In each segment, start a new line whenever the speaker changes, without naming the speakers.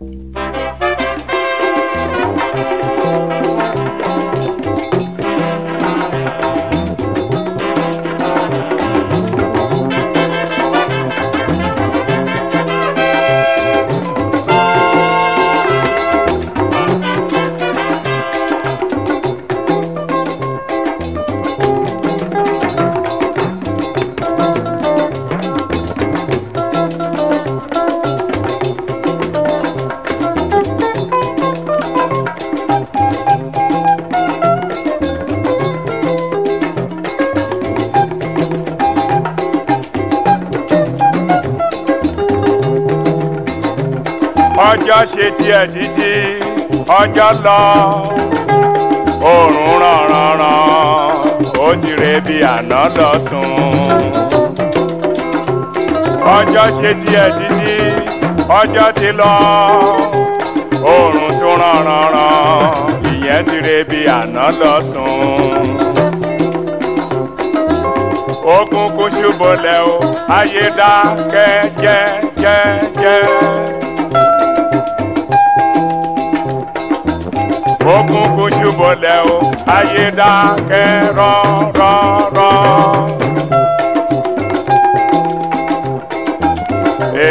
Thank you. ọjọ́ ṣe tiẹ̀ títí ọjọ́ lọ oòrùn ràn ó ti re bí àná lọ sùn ọjọ́ ṣe tiẹ̀ títí ọjọ́ ti lọ oòrùn tún ràn ràn ràn ìyẹn ti re bí àná lọ sùn ogun kò ṣubọlẹ̀ o ayé dá kẹ́jẹ́jẹ́jẹ́. ogun kò ṣubọlẹ̀ o ayé dákẹ́ rọ́rọ́rọ́.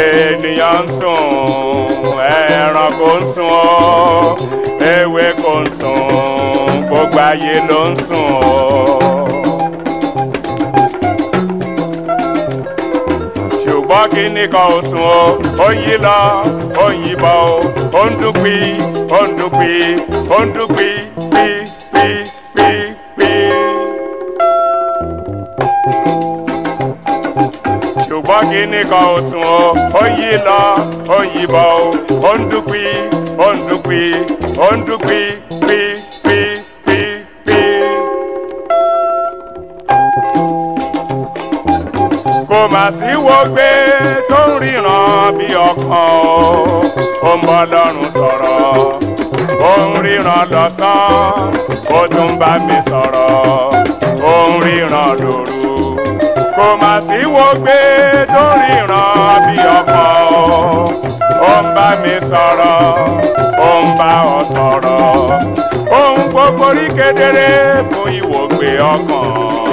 ènìyàn ń sùn ẹranko ń sùn ọ́ ewé kò ń sùn gbogbo ayé ló ń sùn ọ́. ṣùgbọ́n kí ni kan ò sùn o ó yí lọ ó yí bọ̀ o ondukpi ondukpi ondukpi kpi kpi kpi kpi. ṣùgbọ́n kíni kan ò sùn ọ́ ó yí lọ ó yí bọ̀ ó ondukpi kò mà sí wo gbé tó ń ríran bí ọkàn ó ń bọ́ lọ́rùn sọ̀rọ̀ ó ń ríran lọ́sàn-án ó tún bá mi sọ̀rọ̀ ó ń ríran lóru kò mà sí wo gbé tó ń ríran bí ọkàn ó ń bá mi sọ̀rọ̀ ó ń bá ọ sọ̀rọ̀ ohun gbogbo rí kedere fún ìwògbé ọkàn.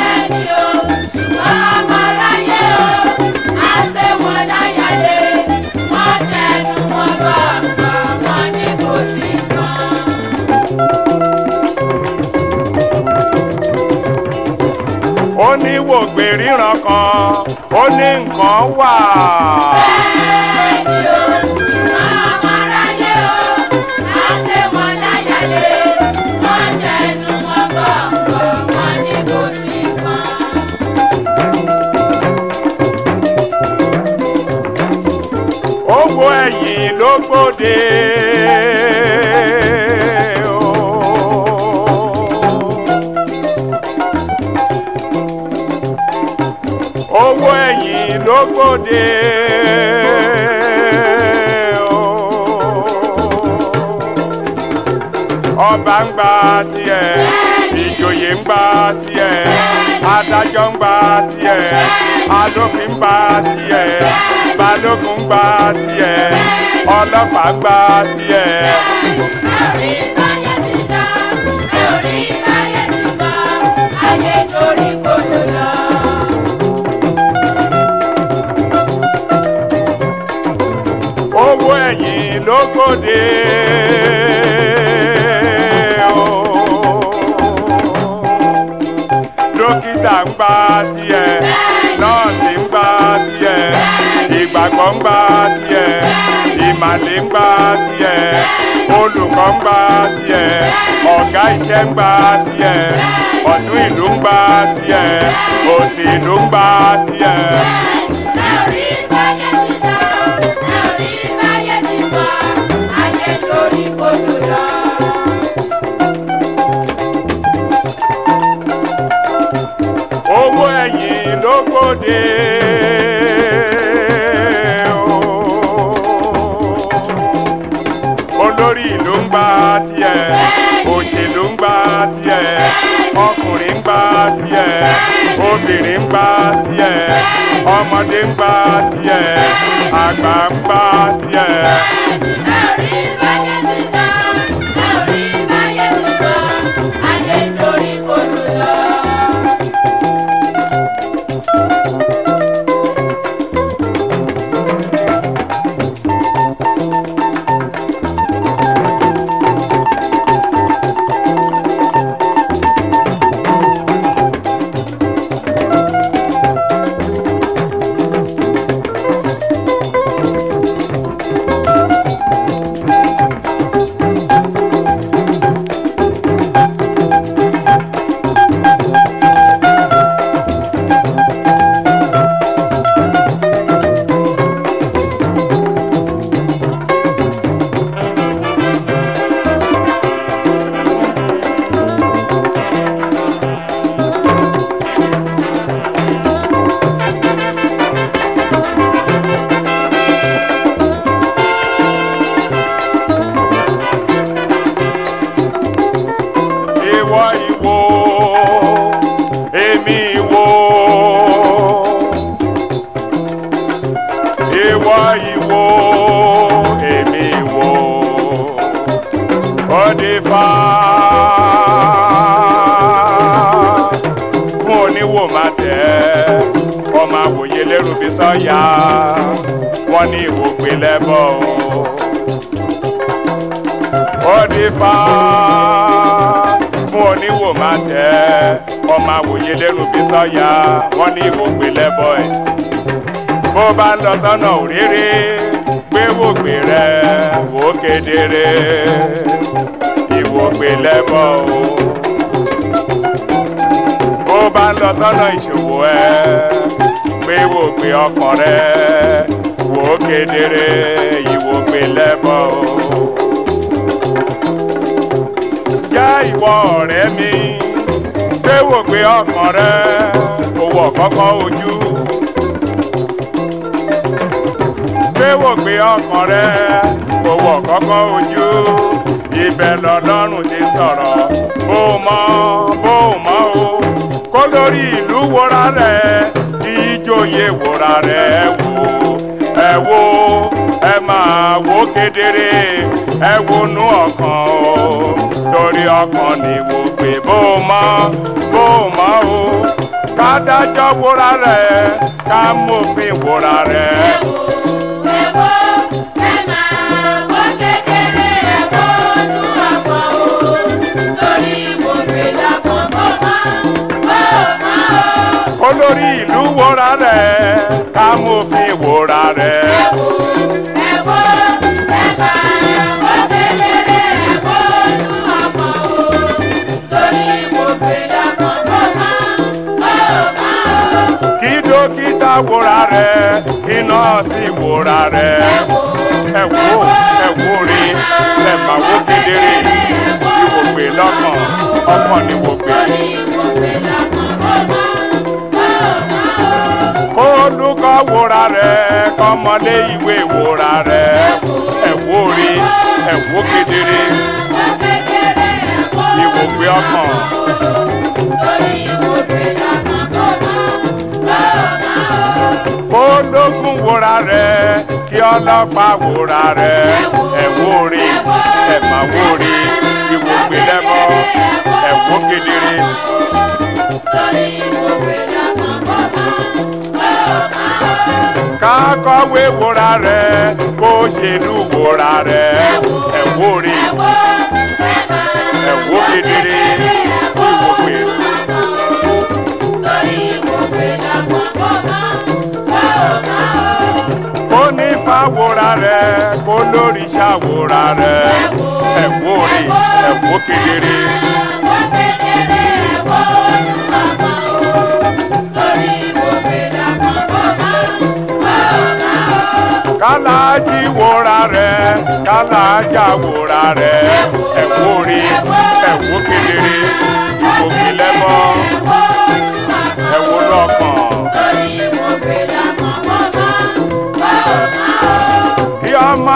ó ní wògbè ríran kan ó ní nǹkan wà. ọba ń gba tiẹ̀ ìjòyè ń gba tiẹ̀ adájọ́ ń gba tiẹ̀ alófin ń gba tiẹ̀ balógun ń gba tiẹ̀ ọlọ́pàá ń gba tiẹ̀. àrí ìtọ́jú ti dá lórí. dókítà ń gba tiẹ̀ nọ́ọ̀sì ń gba tiẹ̀ ìgbàgbọ́ ń gba tiẹ̀ ìmàlẹ́ ń gba tiẹ̀ olùkọ́ ń gba tiẹ̀ ọ̀gá iṣẹ́ ń gba tiẹ̀ ọ̀tún ìlú ń gba tiẹ̀ òsì ìlú ń gba tiẹ̀. owó ẹ̀yìn lógóde. olórí ló ń gba tiẹ̀ òṣèlú ń gba tiẹ̀ ọkùnrin ń gba tiẹ̀ obìnrin ń gba tiẹ̀ ọmọdé ń gba tiẹ̀ àgbà ń gba tiẹ̀. Ifá fún oníwò máa tẹ ọmọ àwòye lẹ́nu bí sọ́yà wọ́n ní ìwògbè lẹ́bọ̀ ẹ̀ bó bá ń lọ sọ́nà òréré gbé wògbè rẹ̀ wò kedere ìwògbè lẹ́bọ̀ o bó bá ń lọ sọ́nà ìṣòwò ẹ̀ gbé wògbè ọkàn rẹ̀ wò kedere ìwògbè lẹ́bọ̀ o jẹ́ ìwọ ọ̀rẹ́ mi pé wò pé ọkàn rẹ kò wọ̀ kọ́kọ́ ojú. pé wò pé ọkàn rẹ kò wọ̀ kọ́kọ́ ojú. ibẹ̀ lọ́lọ́run ti sọ̀rọ̀ bó mọ bó mọ o kó lórí ìlú wòra rẹ kí ìjòyè wòra rẹ wò ẹ wò ẹ máa wò kedere ẹ wò nú ọkàn o ọkàn ni mo pè bó mọ bó mọ o ká dájọ́ wúra rẹ̀ ká mòfin wúra rẹ̀. olórí ìlú wúra rẹ̀ ká mòfin wúra rẹ̀. gbòra rẹ̀ iná sì gbòra rẹ̀ ẹ̀wò ẹ̀wò rí ẹ̀bàwò kedere ìwògbè lọ́kàn ọkàn ni wògbè. kólùkọ́ rẹ̀ kọ́mọdé ìwé rẹ̀ ẹ̀wò rí ẹ̀wò kedere ológun wòra rẹ̀ kí ọlọ́pàá wòra rẹ̀ ẹ wò rí ẹ má wò rí ìwò gbilẹ̀ mọ́ ẹ wò kedere. kákọ̀wé wòra rẹ̀ kó ṣèlú wòra rẹ̀ ẹ wò rí ẹ wò kedere ìwò gbilẹ̀. ó ní fáwọ́ra rẹ̀ kó lórí ṣàwòrà rẹ̀ ẹ̀wọ́ rè ẹ̀wọ́ kedere. kálájì wòra rẹ̀ kálájà wòra rẹ̀ ẹ̀wọ́ rè ẹ̀wọ́ kedere ìfòkìlẹ́mọ́ ẹ̀wọ́ lọ́kàn.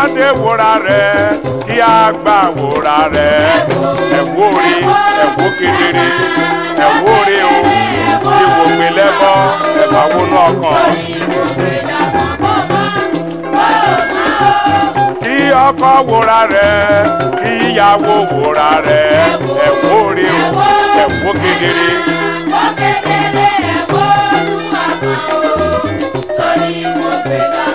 jáde wòra rẹ̀ kí a gbà wòra rẹ̀ ẹ̀wò rí ẹ̀wò kedere ẹ̀wò rí o ìwò gbẹlẹ́bọ ẹ̀bà wọnú ọkàn. kí ọkọ wòra rẹ̀ kí ìyàwó wòra rẹ̀ ẹ̀wò rí o ẹ̀wò kedere. Torí mo gbé ká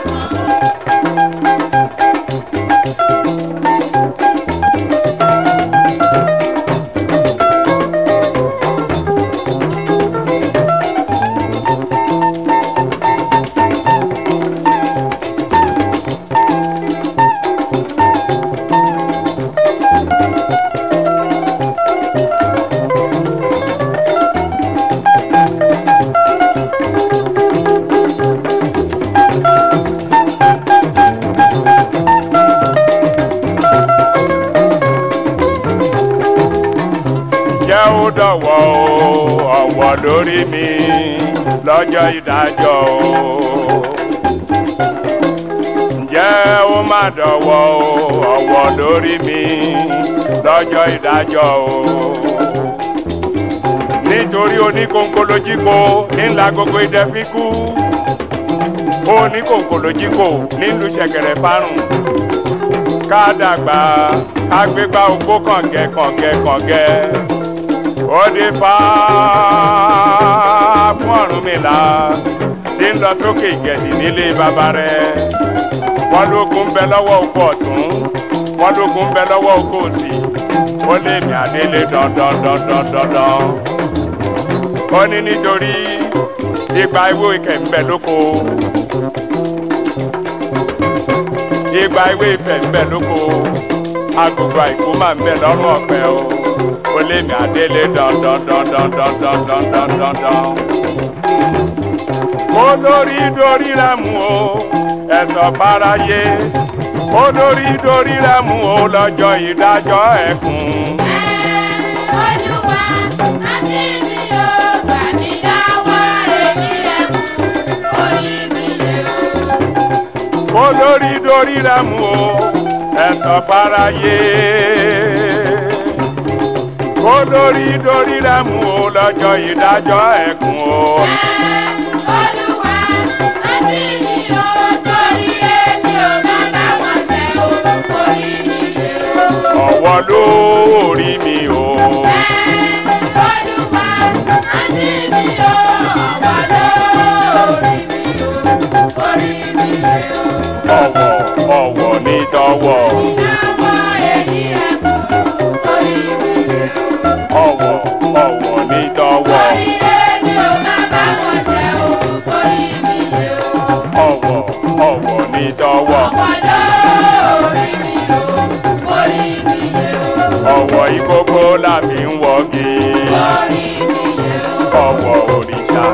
dà wá o àwa lórí mi lọ́jọ́ ìdájọ́ o. ǹjẹ́ ó má dọ̀wọ́ o àwa lórí mi lọ́jọ́ ìdájọ́ o. nítorí oníkóńkó lójíkó ńlá gbogbo idẹ fi kú oníkóńkó lójíkó nílùú ṣẹ̀kẹ̀rẹ̀ fárùn ká dàgbà agbégbá ògbó kàngẹ kàngẹ kàngẹ ó dé fà á fún Ọ̀rúnmìlà tí ń lọ sókè ìgẹ̀dì nílé bàbá rẹ̀ wọ́n lógun bẹ lọ́wọ́ oko ọ̀tún wọ́n lógun bẹ lọ́wọ́ oko òsì ó lé mi àdélé dandandandandandan ó ní nítorí ìgbà ìwé ìkẹ̀ ń bẹ lóko ìgbà ìwé ìfẹ̀ ń bẹ lóko agogo àìkú máa ń bẹ lọ́rùn ọ̀pẹ o wọlé mi àdélé dandandandandandandandandan. olórí dorí rẹ̀ mú o ẹ̀sọ̀ fáráyé olórí o lọ́jọ́ ìdájọ́ ẹ̀kún. olúwa àti ní ọgbà mi dáwọ́ èyí ẹ̀kún orí mi lè wò. olórí dorí rẹ̀ mú o ẹ̀sọ̀ kó dórí dórí rẹ̀ mú o lọ́jọ́ ìdájọ́ ẹ̀kún o. olùwà àti mi ò torí èmi ò má bá wọn ṣe orúkọ rí mi lé o. ọ̀wọ́ ló rí mi o. olùwà àti mi ò ọ̀wọ́ ló rí mi o. orí mi lé o. ọ̀wọ̀ ọ̀wọ̀ ní tọwọ́.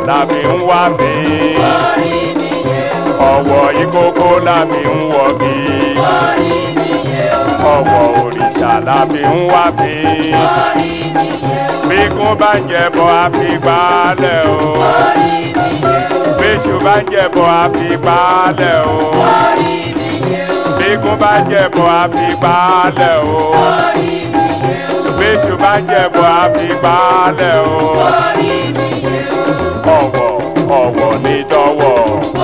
Labi ń wá bí. orí mi yé o. ọ̀wọ̀ ìkókó làbí ń wọ̀ bí. orí mi yé o. ọ̀wọ̀ òrìṣà làbí ń wá bí. orí mi yé o. bí kún bá ń jẹbọ àfigbálẹ̀ o. orí mi yé o. bíṣu bá ń jẹbọ àfigbálẹ̀ o. orí mi yé o. bí kún bá ń jẹbọ àfigbálẹ̀ o. orí mi yé o. bíṣu bá ń jẹbọ àfigbálẹ̀ o. orí mi yé o. 泡泡泡泡你找我。